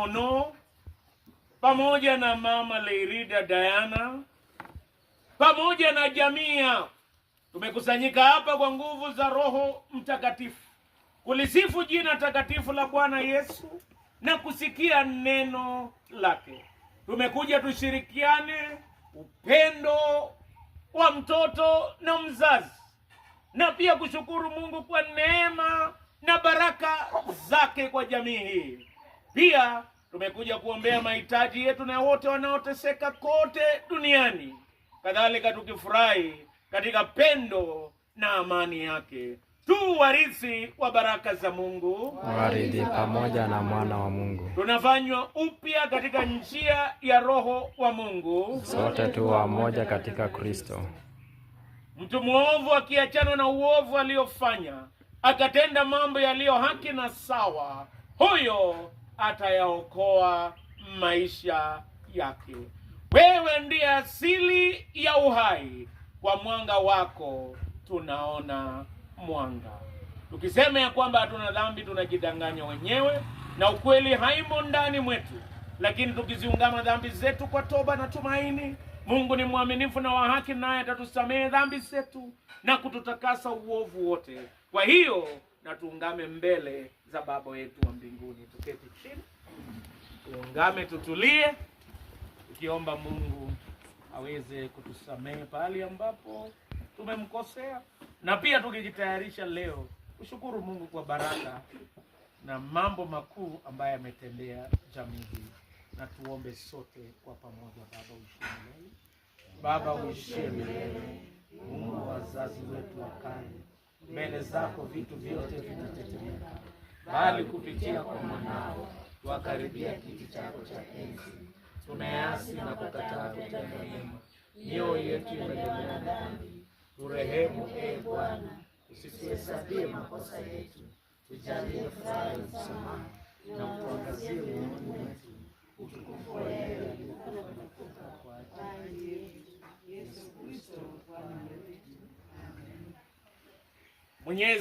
Mono pamoja na mama Leirida Diana pamoja na jamii tumekusanyika hapa kwa nguvu za Roho Mtakatifu kulisifu jina takatifu la Bwana Yesu na kusikia neno lake. Tumekuja tushirikiane upendo wa mtoto na mzazi, na pia kushukuru Mungu kwa neema na baraka zake kwa jamii hii. Pia tumekuja kuombea mahitaji yetu na wote wanaoteseka kote duniani, kadhalika tukifurahi katika pendo na amani yake. Tu warithi wa baraka za Mungu, warithi pamoja na mwana wa Mungu. Tunafanywa upya katika njia ya Roho wa Mungu, sote tu wamoja katika Kristo. Mtu mwovu akiachana na uovu aliyofanya akatenda mambo yaliyo haki na sawa, huyo atayaokoa maisha yake. Wewe ndiye asili ya uhai, kwa mwanga wako tunaona mwanga. Tukisema ya kwamba hatuna dhambi, tunajidanganya wenyewe na ukweli haimo ndani mwetu. Lakini tukiziungama dhambi zetu kwa toba na tumaini, Mungu ni mwaminifu na wa haki, naye atatusamehe dhambi zetu na kututakasa uovu wote. Kwa hiyo na tuungame mbele za Baba yetu wa mbinguni. Tuketi chini, tuungame, tutulie, tukiomba Mungu aweze kutusamehe pahali ambapo tumemkosea, na pia tukijitayarisha leo kushukuru Mungu kwa baraka na mambo makuu ambayo ametendea jamii hii. Na tuombe sote kwa pamoja. Baba uishie milele, Baba uishie milele, Mungu wazazi wetu wa kale mbele zako vitu vyote vinatetemeka, bali kupitia kwa mwanao twakaribia kiti chako cha enzi. Tumeasi na kukataa kutenda mema, mioyo yetu imelemea dhambi. Turehemu ee Bwana, usituhesabie makosa yetu, tujalie furaha ya msamaha na utuangazie uovu wetu Mwenyezi